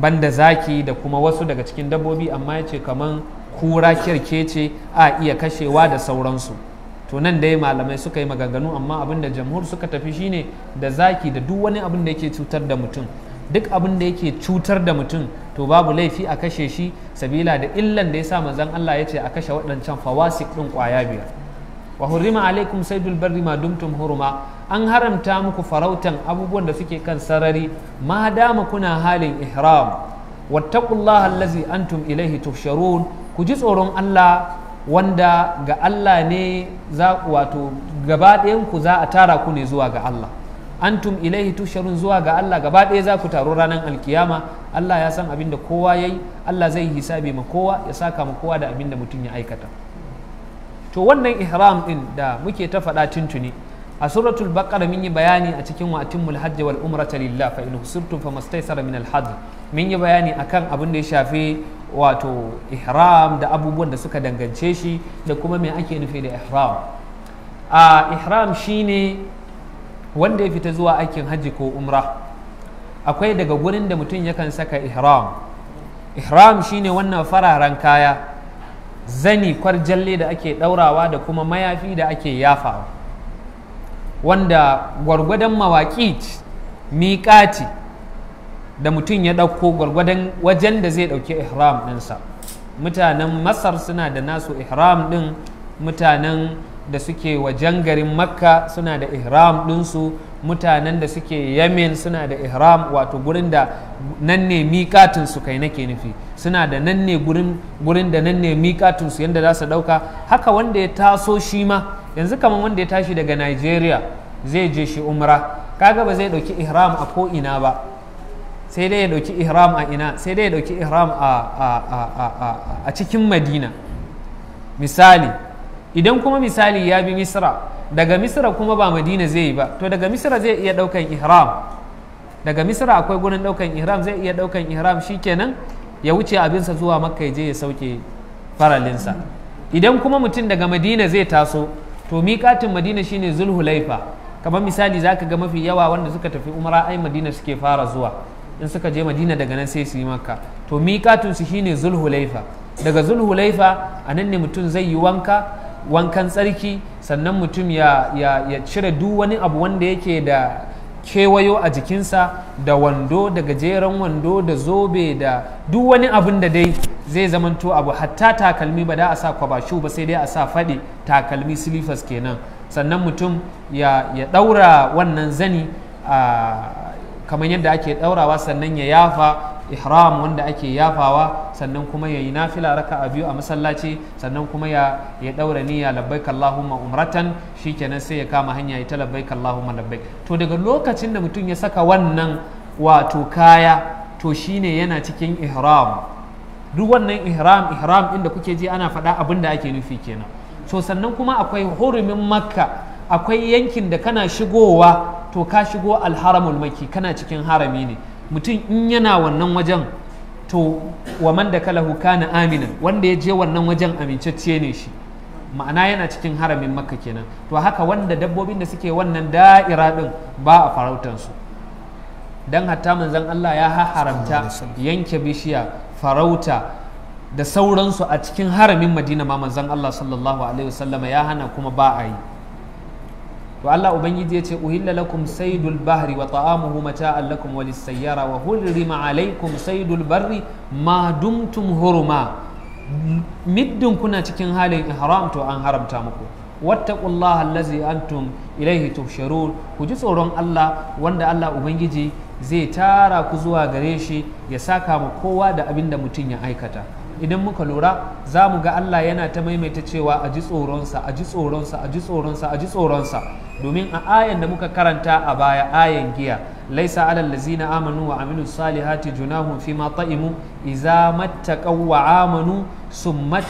banda zaki da kuma wasu daga cikin dabbobi amma ya ce kamar kura kirkece a iya kashewa da sauransu to nan dai malamai suka yi maganganu amma abin da jamhur suka tafi shine da zaki da duk wani abin da yake cutar da mutum duk abin da yake cutar da mutum to babu laifi a kashe shi sabila da illan da ya sa manzon Allah ya ce a kashe waɗancan fawasik ɗin ƙwaya biyar wa hurrima alaikum saidul barri ma dumtum huruma an haramta muku farautan abubuwan da suke kan sarari ma dama kuna halin ihram wattaqullaha allazi antum ilaihi tuhsharun ku ji tsoron Allah wanda ga Allah ne za wato gaba ku za a tara ku ne zuwa ga Allah antum ilaihi tusharun zuwa ga Allah gaba ɗaya za ku taro ranar alkiyama Allah ya san abin da kowa ya yi Allah zai hisabi ma kowa ya saka ma kowa da abin da mutum ya aikata to wannan ihram din da muke ta faɗa tuntuni a suratul baqara mun yi bayani a cikin wa atimul hajji wal umrata lillah fa in fa famastaysara min al hajj mun yi bayani akan abin da ya shafi wato ihram da abubuwan da suka dangance shi da kuma me ake nufi da ihram a ihram shine wanda ya fita zuwa aikin hajji ko umra akwai daga gurin da mutum yakan saka ihram ihram shine wannan fararen kaya zani kwarjalle da ake ɗaurawa da kuma mayafi da ake yafawa wanda gwargwadon mawaƙi miƙati da mutum ya ɗauko gwargwadon wajen da zai ɗauki ihram ɗinsa mutanen masar suna da nasu ihram ɗin mutanen da suke wajen garin makka suna da ihram ɗinsu mutanen da suke yamen suna da ihram wato gurin da nan ne miƙatinsu kai nake nufi suna da nan ne gurin da nan ne miƙatinsu yadda za su ɗauka haka wanda ya taso shi ma yanzu kamar wanda ya tashi daga nigeria zai je shi umra kaga ba zai ɗauki ihram a ko ina ba sai dai ya ɗauki ihram a ina sai dai ya ɗauki ihram a cikin madina misali idan kuma misali ya bi misra daga misra kuma ba madina zai yi ba to daga misra zai iya daukan ihram daga misra akwai gurin daukan ihram zai iya daukan ihram shikenan ya wuce abinsa zuwa makka ya je ya sauke faralinsa idan kuma mutum daga madina zai taso to miƙatin madina shine zulhulaifa kamar misali zaka ga mafi yawa wanda suka tafi umara ai madina suke fara zuwa in suka je madina daga nan sai su yi makka to miƙatun su shine zulhulaifa daga zulhulaifa a nan ne mutum zai yi wanka wankan tsarki sannan mutum ya, ya, ya cire duk wani abu wanda yake da kewayo a jikinsa da wando da gajeren wando da zobe da duk wani abin da dai zai zamanto abu hatta takalmi ba da a sa kwabashu ba sai dai a sa faɗi takalmi silifas kenan sannan mutum ya, ya ɗaura wannan zani kamar yadda ake ɗaurawa sannan ya yafa ihram wanda ake yafawa sannan kuma ya yi nafila raka a biyu a masallaci sannan kuma ya ya daura niyya labbaik allahumma umratan shikenan sai ya kama hanya ita ta labbaik allahumma labbaik to daga lokacin da mutum ya saka wannan wato kaya to shine yana cikin ihram duk wannan ihram ihram inda kuke ji ana faɗa abin da ake nufi kenan to sannan kuma akwai hurumin makka akwai yankin da kana shigowa to ka shigo alharamul maki kana cikin harami ne mutum in yana wannan wajen to wa man da kalahu kana aminan wanda ya je wannan wajen amincacce ne shi ma'ana yana cikin haramin makka kenan to haka wanda dabbobin da suke wannan da'ira din ba a farautansu don hatta manzon Allah ya haramta yanke bishiya farauta da sauransu a cikin haramin madina ma manzon Allah sallallahu alaihi wasallama ya hana kuma ba a yi Wa Allah ubangiji ya ce uhilla lakum saydul bahri wa ta'amuhu mata'an lakum wa lis-sayyara wa hurrima alaykum saydul barri ma dumtum hurma middin kuna cikin halin ihram to an haramta muku wattaqullaha allazi antum ilaihi tuhsharun ku ji tsoron Allah wanda Allah ubangiji zai tara ku zuwa gare shi ya saka mu kowa da abinda da mutum ya aikata idan muka lura za mu ga Allah yana ta maimaita cewa a ji tsoronsa a ji tsoronsa a ji tsoronsa a ji tsoronsa domin a ayan da muka karanta a baya ayan giya laisa alal amanu wa aminu salihati junahum fi ma ta'imu iza mattaqaw wa amanu summa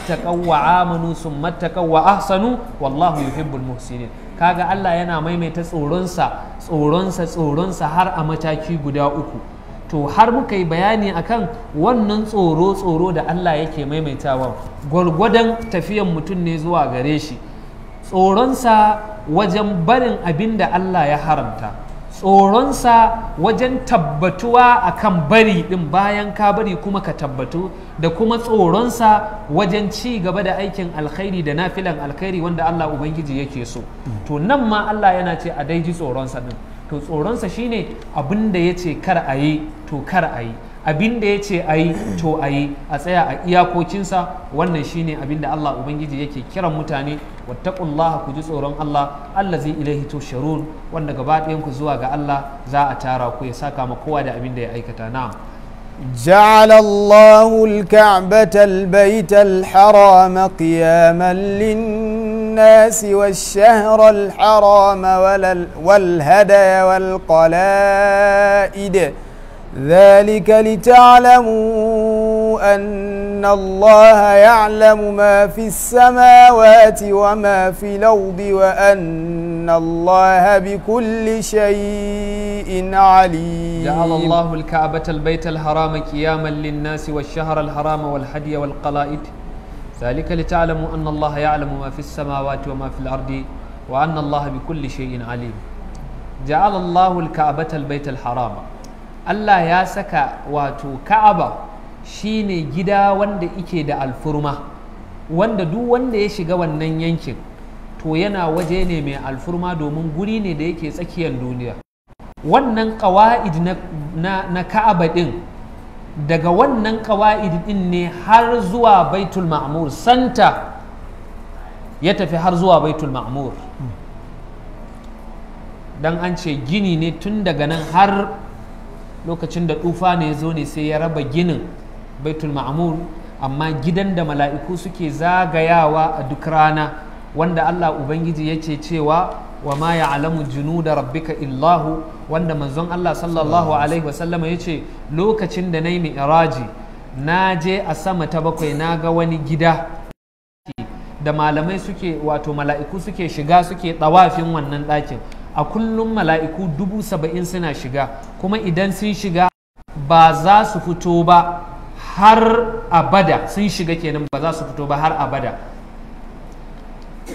wa amanu summa wa ahsanu wallahu yuhibbul muhsinin kaga Allah yana maimaita tsoronsa tsoronsa tsoronsa har a mataki guda uku to har muka yi bayani akan wannan tsoro tsoro da Allah yake maimaitawa gwargwadon tafiyan mutum ne zuwa gare shi tsoronsa wajen barin abin da Allah ya haramta tsoronsa wajen tabbatuwa akan bari ɗin bayan ka bari kuma ka tabbatu da kuma tsoronsa wajen ci gaba da aikin alkhairi da nafilan alkhairi wanda Allah Ubangiji yake so to nan ma Allah yana ce a daiji tsoronsa din to tsoronsa shine abin da ya ce kar a yi to kar a yi abin da ya ce a yi to a yi a tsaya a iyakokinsa wannan shine abin da Allah Ubangiji yake kiran mutane wattaqullaha ku ji tsoron Allah allah zai ilaihi tusharun wanda gaba ɗayan ku zuwa ga Allah za a tara ku ya saka ma kowa da abin da ya aikata na'am جعل الله الكعبة البيت الحرام قياما للناس الناس والشهر الحرام والهدى والقلائد ذلك لتعلموا أن الله يعلم ما في السماوات وما في الأرض وأن الله بكل شيء عليم جعل الله الكعبة البيت الحرام قياما للناس والشهر الحرام والحدي والقلائد zalika li ta'lamu anna Allah ya'lamu ma fi samawati wa ma fil ardi wa anna Allah bi kulli shay'in alim ja'ala Allah al-ka'bata al haram Allah ya saka wato Ka'aba shine gida wanda ike da alfurma wanda duk wanda ya shiga wannan yankin to yana waje ne mai alfurma domin guri ne da yake tsakiyar duniya wannan ƙawa'id na ka'aba ɗin daga wannan ƙawa'id ɗin ne har zuwa baitul ma'mur santa ya tafi har zuwa baitul ma'mur dan an ce gini ne tun daga nan har lokacin da tufa ne zo ne sai ya raba ginin baitul ma'mur amma gidan da mala'iku suke zagayawa a duk rana wanda allah ubangiji ya ce cewa wa ma ya'lamu junuda rabbika illahu wanda manzon Allah sallallahu alaihi wasallama yace lokacin da nayi mi'raji na je a sama ta bakwai na ga wani gida da malamai suke wato mala'iku suke shiga suke tsawafin wannan ɗakin a kullum mala'iku dubu saba'in suna shiga kuma idan sun shiga ba za su fito ba har abada sun shiga kenan ba za su fito ba har abada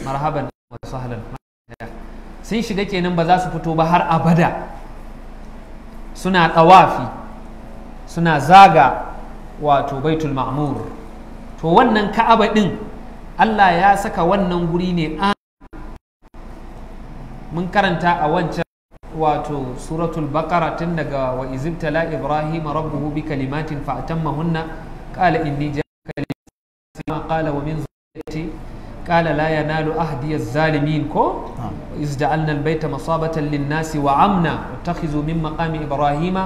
marhaban wasu sun shiga kenan ba za su fito ba har abada suna tawafi suna zaga wato baitul ma'mur to wannan ka'aba din Allah ya saka wannan guri ne mun karanta a wancan wato suratul baqara tun daga wa izibtala ibrahim rabbuhu bi kalimatin fa atammahunna qala inni ja'alaka qala wa min قال لا ينال أهدي الظالمين كو نعم. إذ جعلنا البيت مصابة للناس وعمنا واتخذوا من مقام إبراهيم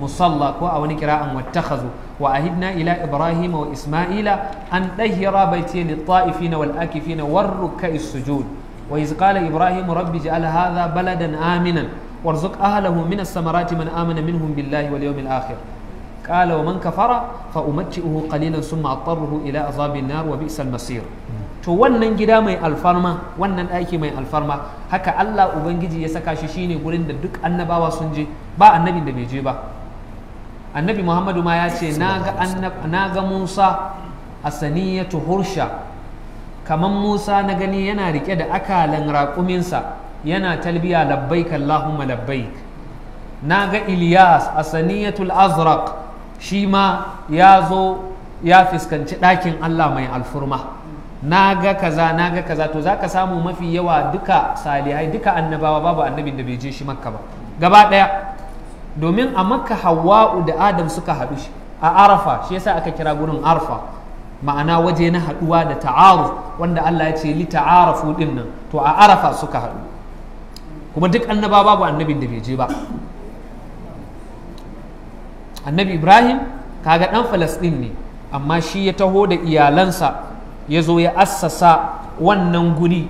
مصلى كو أو نكراء واتخذوا وأهدنا إلى إبراهيم وإسماعيل أن تهرى بيتي للطائفين والآكفين والركع السجود وإذ قال إبراهيم رب جعل هذا بلدا آمنا وارزق أهله من الثمرات من آمن منهم بالله واليوم الآخر قال ومن كفر فأمتئه قليلا ثم أضطره إلى عذاب النار وبئس المصير نعم. to wannan gida mai alfarma wannan ɗaki mai alfarma haka Allah ubangiji ya saka shi shine gurin da duk annabawa sun je ba annabin da bai je ba annabi Muhammadu ma ya ce na ga Musa a saniyatu hursha kamar Musa na gani yana rike da akalan raƙuminsa yana talbiya labbai Allahumma labbaik na ga Ilyas a saniyatul azraq shi ma ya zo ya fuskanci ɗakin Allah mai alfurma na ga kaza na ga kaza to za ka samu mafi yawa duka salihai duka annabawa babu annabin da bai je shi makka ba gaba ɗaya domin a makka hawa'u da adam suka haɗu shi a arafa shi yasa aka kira gurin arfa ma'ana waje na haɗuwa da ta'aruf wanda Allah ya ce li ta'arafu din nan to a arafa suka haɗu kuma duk annaba babu annabin da bai je ba annabi ibrahim kaga ɗan falasɗin ne amma shi ya taho da iyalansa ya zo ya assasa wannan guni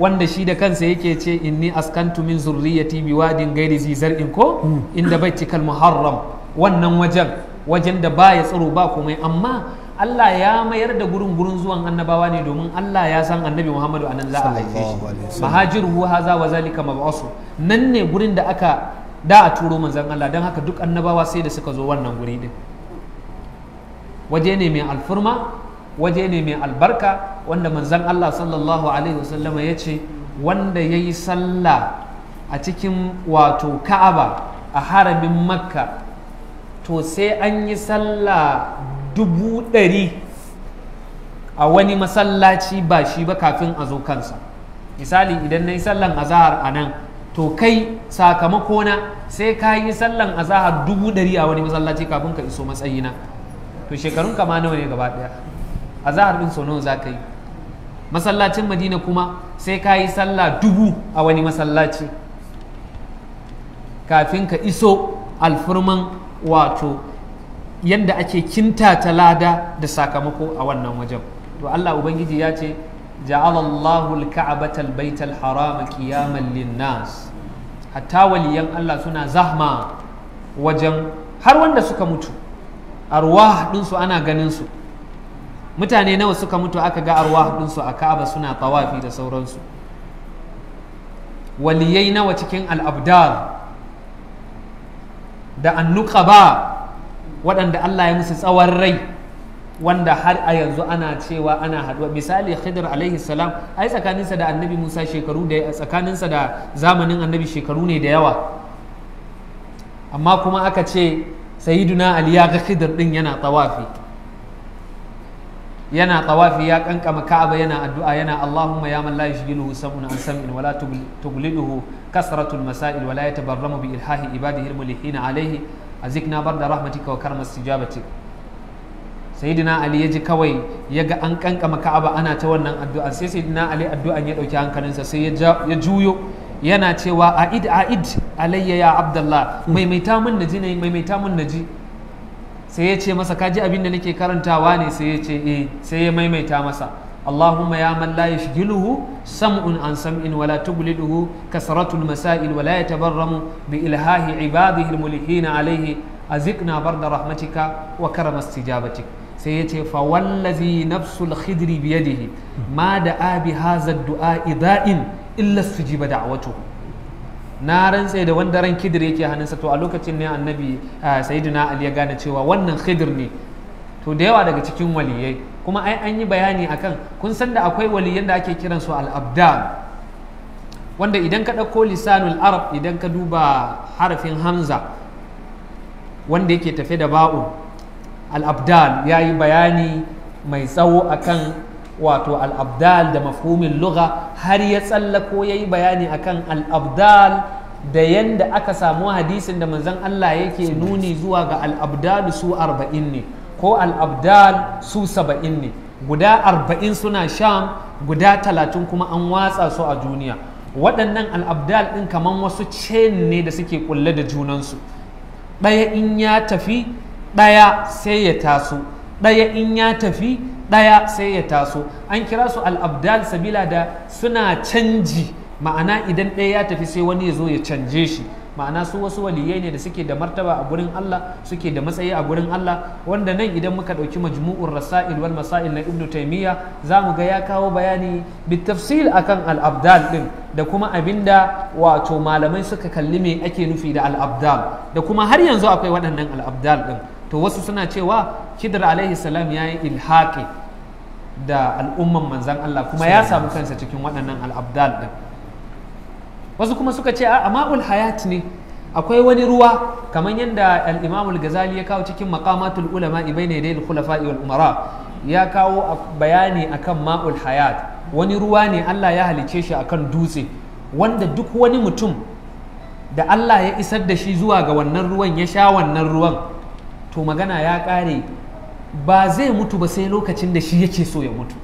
wanda shi da kansa yake ce inni askantu min zurriyati biwadin gairi zizar in ko hmm. inda bai cikal muharram wannan wajen wajen da baya tsaro ba komai amma Allah ya mayar da gurin gurin zuwan annabawa ne domin Allah ya san annabi Muhammadu anan za a haife shi huwa haza wa zalika mab'asu nan ne gurin da aka da a turo manzon Allah dan haka duk annabawa sai da suka zo wannan guri din waje ne mai alfurma waje ne mai albarka wanda manzan Allah sallallahu alaihi wasallama ya ce wanda ya yi sallah a cikin wato ka'aba a haramin makka to sai an yi sallah dubu ɗari a wani masallaci ba shi ba kafin a zo kansa misali idan na yi sallan azahar a nan to kai sakamakona sai ka yi sallan azahar dubu ɗari a wani masallaci kafin ka iso matsayina to shekarun kama nawa ne gaba ɗaya a ɗin din sono za ka yi masallacin madina kuma sai ka yi sallah dubu a wani masallaci kafin ka iso alfurman wato yadda ake kintata lada da sakamako a wannan wajen to Allah ubangiji ya ce ja'alallahu al-ka'bata al-bayta al-harama qiyaman lin-nas hatta waliyan Allah suna zahma wajen har wanda suka mutu arwah ɗinsu ana ganin su mutane nawa suka mutu aka ga arwah ɗinsu a ka'aba suna tawafi da sauransu waliyai nawa cikin al'abdar da ba waɗanda Allah ya musu tsawon rai wanda har a yanzu ana cewa ana haɗuwa misali khidir alaihi salam ai tsakaninsa da annabi musa shekaru da tsakaninsa da zamanin annabi shekaru ne da yawa amma kuma aka ce sayiduna ali ya ga khidir ɗin yana tawafi yana tawafi ya kankama ka'aba yana addu'a yana Allahumma ya man la yushghiluhu sam'un an sam'in wala tughliduhu kasratul masail wala yatabarramu bi ilhahi ibadihi al-mulihina alayhi azikna barda rahmatika wa karmas tijabatik sayyidina ali yaji kawai yaga an kankama ka'aba ana ta wannan addu'a sai sayyidina ali addu'an ya dauki hankalinsa sai ya juyo yana cewa a'id a'id alayya ya abdullah maimaita mun naji ne maimaita mun naji sai yace masa kaji abin da nake karantawa ne sai yace eh sai ya maimaita masa Allahumma ya man la yashghiluhu sam'un an sam'in wala tubliduhu kasratul masail wala yatabarramu bi ilhahi ibadihi almulihina alayhi azikna barda rahmatika wa karama istijabatik sai yace fa wallazi nafsul khidri bi yadihi ma da abi hadha ad-du'a ida'in illa sujiba da'watuhu na rantse da wanda ran kidir yake hannunsa to a lokacin ne annabi sayyidina ali ya gane cewa wannan khidir ne to da yawa daga cikin waliyai kuma ai an yi bayani akan kun san da akwai waliyan da ake kiran su al-abdal wanda idan ka ɗauko lisanul arab idan ka duba harafin hamza wanda yake tafe da ba'u al-abdal ya yi bayani mai tsawo akan wato al'abdal da mafhumin lugha har ya tsallako ya yi bayani akan al'abdal da yanda aka samu hadisin da manzan Allah yake nuni zuwa ga al'abdal su arba'in ne ko al'abdal su saba'in ne guda arba'in suna sham guda talatin kuma an watsa su a duniya waɗannan al'abdal ɗin kamar wasu chain ne da suke kulle da junansu ɗaya in ya tafi ɗaya sai ya taso ɗaya in ya tafi ɗaya sai ya taso an kira su al'abdal sabila da suna canji ma'ana idan ɗaya ya tafi sai wani ya zo ya canje shi ma'ana su wasu waliyai ne da suke da martaba a gurin Allah suke da matsayi a gurin Allah wanda nan idan muka ɗauki majmu'ur rasail wal masail na ibnu taymiya za mu ga ya kawo bayani bitafsil akan al-abdal din da kuma abinda wato malamai suka kalli me ake nufi da al-abdal da kuma har yanzu akwai waɗannan al-abdal din to wasu suna cewa kidir alaihi salam ya yi ilhaƙi da al'umman manzan Allah kuma ya samu kansa cikin waɗannan al'abdal ɗin wasu kuma suka ce a ma'ul hayat ne akwai wani ruwa kamar yadda al gazali ya kawo cikin maqamatul ulama ibaina yadayil khulafa'i wal umara ya kawo bayani akan ma'ul hayat wani ruwa ne Allah ya halice shi akan dutse wanda duk wani mutum da Allah ya isar da shi zuwa ga wannan ruwan ya sha wannan ruwan to magana ya ƙare ba zai mutu ba sai lokacin da shi yake so ya mutu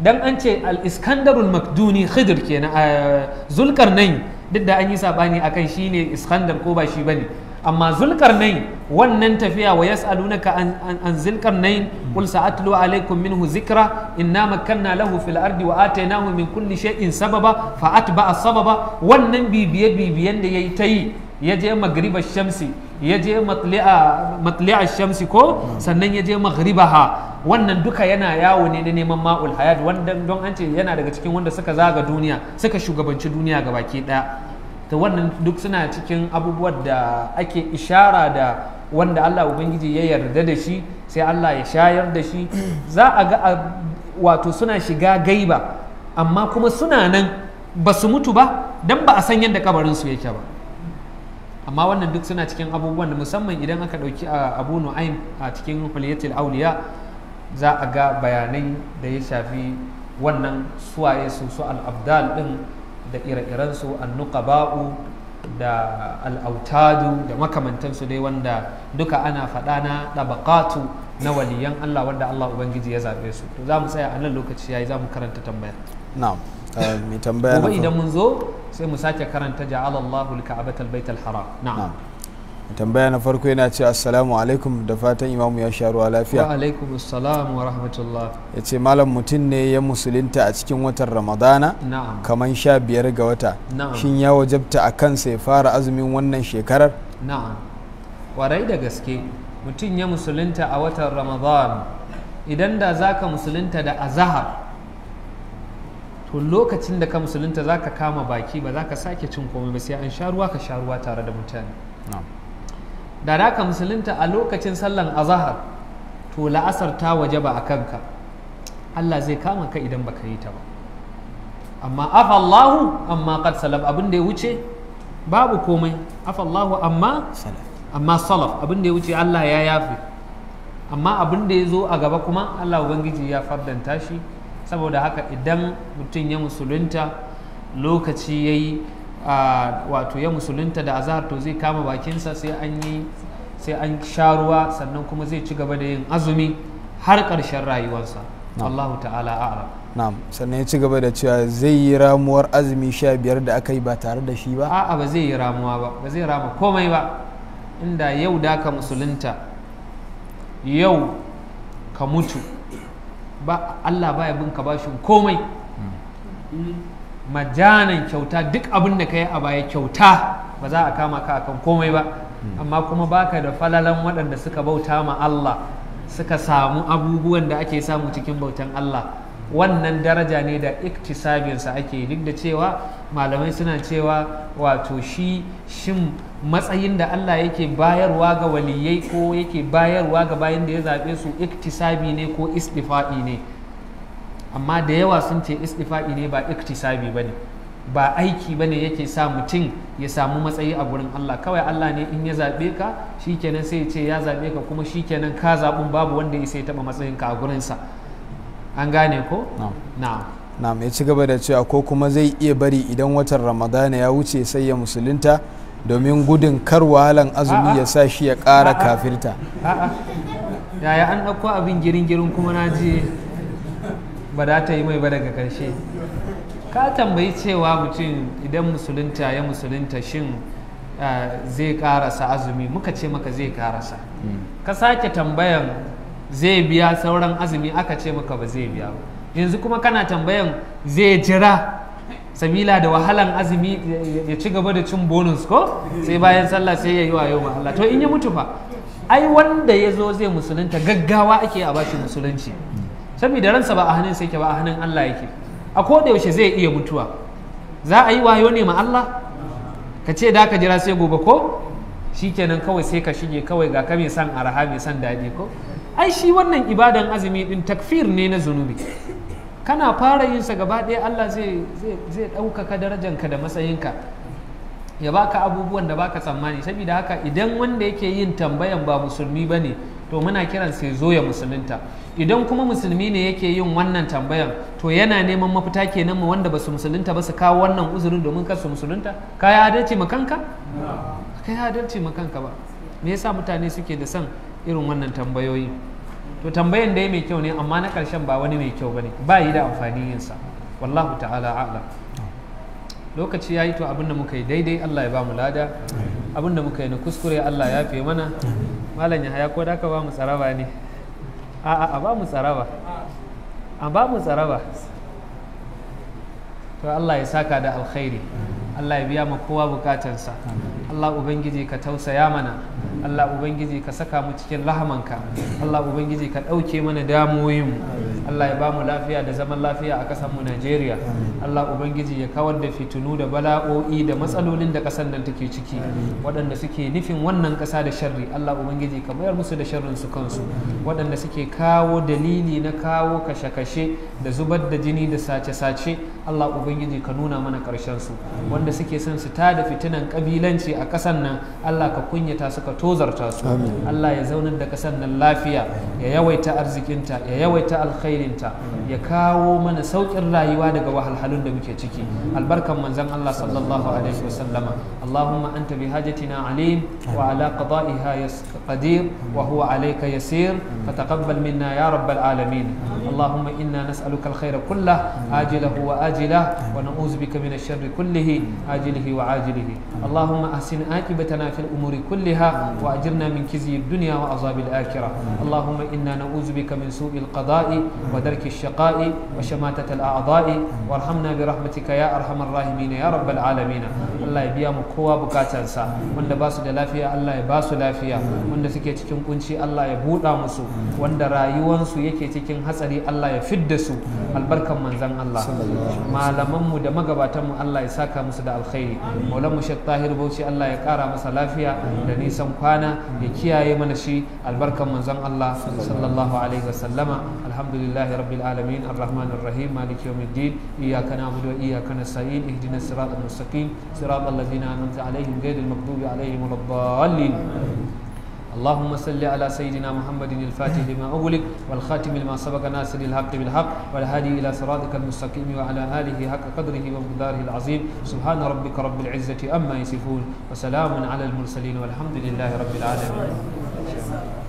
dan an ce al-iskandarul makduni khidr kenan zulkarnain duk da an yi sabani akan shi ne iskandar ko ba shi bane amma zulkarnain wannan tafiya wa yas'alunaka an an zulkarnain qul sa'atlu alaykum minhu zikra inna makkanna lahu fil ardi wa atainahu min kulli shay'in sababa fa atba'a sababa wannan bibiye bibiyen da yayi tayi ya je magribar shamsi ya je matli'a shamsi ko sannan ya je maghribaha wannan duka yana yawo ne na neman ma'ul hayat wanda don an ce yana daga cikin wanda suka zaga duniya suka shugabanci duniya ga baki daya ta wannan duk suna cikin abubuwan da ake ishara da wanda Allah ubangiji ya yarda da shi sai Allah ya shayar da shi za a ga wato suna shiga gaiba amma kuma suna nan ba su mutu ba don ba a san yadda kabarin su yake ba amma wannan duk suna cikin abubuwan da musamman idan aka ɗauki ah, abu nu'aim a cikin huliyatul auliya za a ga bayanai da ya shafi wannan suwaye su su al'abdal din da ire-irensu annuqaba'u da al'autadu da makamantansu dai wanda duka ana faɗa na ɗabaƙatu na waliyan Allah wanda Allah Ubangiji ya zaɓe su to za mu tsaya a nan lokaci yayi za mu karanta tambaya Ah, mai tambaya idan mun zo sai mu sake karanta ja'alallahu Allahu tambaya na farko yana ce assalamu alaikum da fatan imamu ya sha ruwa lafiya wa alaikum assalam wa rahmatullah ya malam mutum ne ya musulunta a cikin watan ramadana kamar sha biyar ga wata shin ya wajabta a kansa ya fara azumin wannan shekarar na'am warai da gaske mutum ya musulunta a watan ramadana idan da zaka musulunta da azahar to lokacin da ka musulunta za ka kama baki ba za ka sake cin komai ba sai an sha ruwa ka sha ruwa tare da mutane da da ka musulunta a lokacin sallan azahar to la'asar ta waje ba a kanka Allah zai kama ka idan baka yi ta ba amma afallahu amma qad salaf abin da ya wuce babu komai afallahu amma salaf amma salaf abin da ya wuce Allah ya yafe amma abin da ya zo a gaba kuma Allah ubangiji ya fardanta shi saboda haka idan mutum ya musulunta lokaci ya yi wato ya musulunta da azahar to zai kama bakinsa sai an yi sai an sha ruwa sannan kuma zai ci gaba da yin azumi har karshen rayuwarsa Allahu ta'ala a'lam na'am sannan ya ci gaba da cewa zai yi ramuwar azumi sha biyar da aka yi ba tare da shi ba a'a ba zai yi ramuwa ba ba zai rama komai ba inda yau da ka musulunta yau ka mutu ba Allah baya bin ka bashin komai majanan kyauta duk abin da ka yi a baya kyauta ba za a kama ka akan komai ba amma kuma baka da falalan waɗanda suka bauta ma Allah suka samu abubuwan da ake samu cikin bautan Allah wannan daraja ne da iktisabinsa ake duk da cewa malamai suna cewa wato shi shin matsayin da Allah yake bayarwa ga waliyai ko yake bayarwa ga bayan da ya zaɓe su iktisabi ne ko istifa'i ne amma da yawa sun ce istifa'i ne ba iktisabi ba ne ba aiki ba ne yake sa mutum ya samu matsayi a gurin Allah kawai Allah ne in ya zaɓe ka shikenan sai ya ce ya zaɓe ka kuma shikenan ka zaɓin babu wanda ya sai taɓa matsayin ka a gurinsa an gane ko? na'am na mai ci gaba da cewa ko kuma zai iya bari idan watan ramadana ya wuce sai ya musulunta domin gudun kar wahalan azumi ya sa shi ya ƙara kafirta yaya an ɗauko abin girin-girin kuma na ji ba za ta yi mai ba daga karshe? ka tambayi cewa mutum idan musulunta ya musulunta shin eh, zai karasa azumi muka ce maka zai karasa hmm. ka sake tambayan zai biya sauran azumi aka ce maka ba zai biya ba yanzu kuma kana tambayan zai jira sabila da wahalan azumi ya ci gaba da cin bonus ko sai bayan sallah sai ya yi wa yau Allah to in ya mutu fa ai wanda ya zo zai musulunta gaggawa ake a bashi musulunci saboda ransa ba a hannun sai ke ba a hannun Allah yake a ko da yaushe zai iya mutuwa za a yi wayo ne ma Allah ka ce da ka jira sai gobe ko shikenan kawai sai ka shige kawai ga ka mai san araha mai san dadi ko ai shi wannan ibadan azumi din takfir ne na zunubi kana fara yin sa gaba ɗaya Allah zai ɗaukaka darajanka da matsayinka ya baka abubuwan da baka tsammani saboda haka idan wanda yake yin tambayan ba musulmi ba ne to muna kiran sai zo ya musulunta idan kuma musulmi ne yake yin wannan tambayan to yana neman mafita kenan mu wanda ba su musulunta ba su kawo wannan uzurin domin kar su musulunta ka ya adalci ma kanka ka ya adalci ma kanka ba me yasa mutane suke da son irin wannan tambayoyi to tambayan dai mai kyau ne amma na karshen ba wani mai kyau bane ba yi da amfani yinsa wallahu ta'ala a'lam lokaci ya yi to abinda muka yi daidai Allah ya ba mu lada abinda muka yi na kuskure Allah ya fi mana malam ya ko da ka ba mu tsaraba ne a'a a ba mu tsaraba a ba mu tsaraba to Allah ya saka da alkhairi Allah ya biya ma kowa bukatansa Allah ubangiji ka tausaya mana Allah ubangiji ka saka mu cikin rahamanka Allah ubangiji ka ɗauke mana damuwoyinmu Allah ya ba mu lafiya da zaman lafiya a ƙasar mu Najeriya Allah ubangiji ya kawar da fitinu da bala'o'i da matsalolin da ƙasar nan take ciki waɗanda suke nufin wannan ƙasa da sharri Allah ubangiji ka bayar musu da sharrin su kansu waɗanda suke kawo dalili na kawo kashe-kashe da zubar da jini da sace-sace Allah ubangiji ka nuna mana ƙarshen su wanda suke son su tada fitinan ƙabilanci a ƙasan nan Allah ka kunyata su ka tozarta su Allah ya zaunar da ƙasan nan lafiya ya yawaita arzikinta ya yawaita alkhairinta ya kawo mana sauƙin rayuwa daga wahalhalun da muke ciki albarkan manzon Allah sallallahu alaihi wasallama Allahumma anta bi hajatina alim wa ala qada'iha qadir wa huwa alayka yasir fataqabbal minna ya rabbal alamin اللهم إنا نسألك الخير كله عاجله وآجله ونعوذ بك من الشر كله عاجله وعاجله اللهم أحسن عاقبتنا في الأمور كلها وأجرنا من كزي الدنيا وعذاب الآخرة اللهم إنا نعوذ بك من سوء القضاء ودرك الشقاء وشماتة الأعضاء وارحمنا برحمتك يا أرحم الراحمين يا رب العالمين الله يبيا مكوا بكاتنسا wanda ba su da lafiya Allah ya ba su lafiya wanda suke cikin kunci Allah ya buɗa musu wanda rayuwansu yake cikin hatsari Allah ya fidda su albarkan manzan Allah malamanmu da magabatanmu Allah ya saka musu da alkhairi maulan mu shek tahir bauchi Allah ya kara masa lafiya da nisan kwana ya kiyaye mana shi albarkan manzan Allah sallallahu alaihi wa sallama alhamdulillahi rabbil alamin arrahmanir rahim maliki yawmiddin iyyaka na'budu wa iyyaka nasta'in ihdinas siratal mustaqim siratal ladzina an'amta alaihim ghayril maghdubi alaihim waladdallin اللهم صل على سيدنا محمد الفاتح لما أغلق والخاتم لما سبق ناصر الحق بالحق والهادي إلى صراطك المستقيم وعلى آله حق قدره ومقداره العظيم سبحان ربك رب العزة أما يصفون وسلام على المرسلين والحمد لله رب العالمين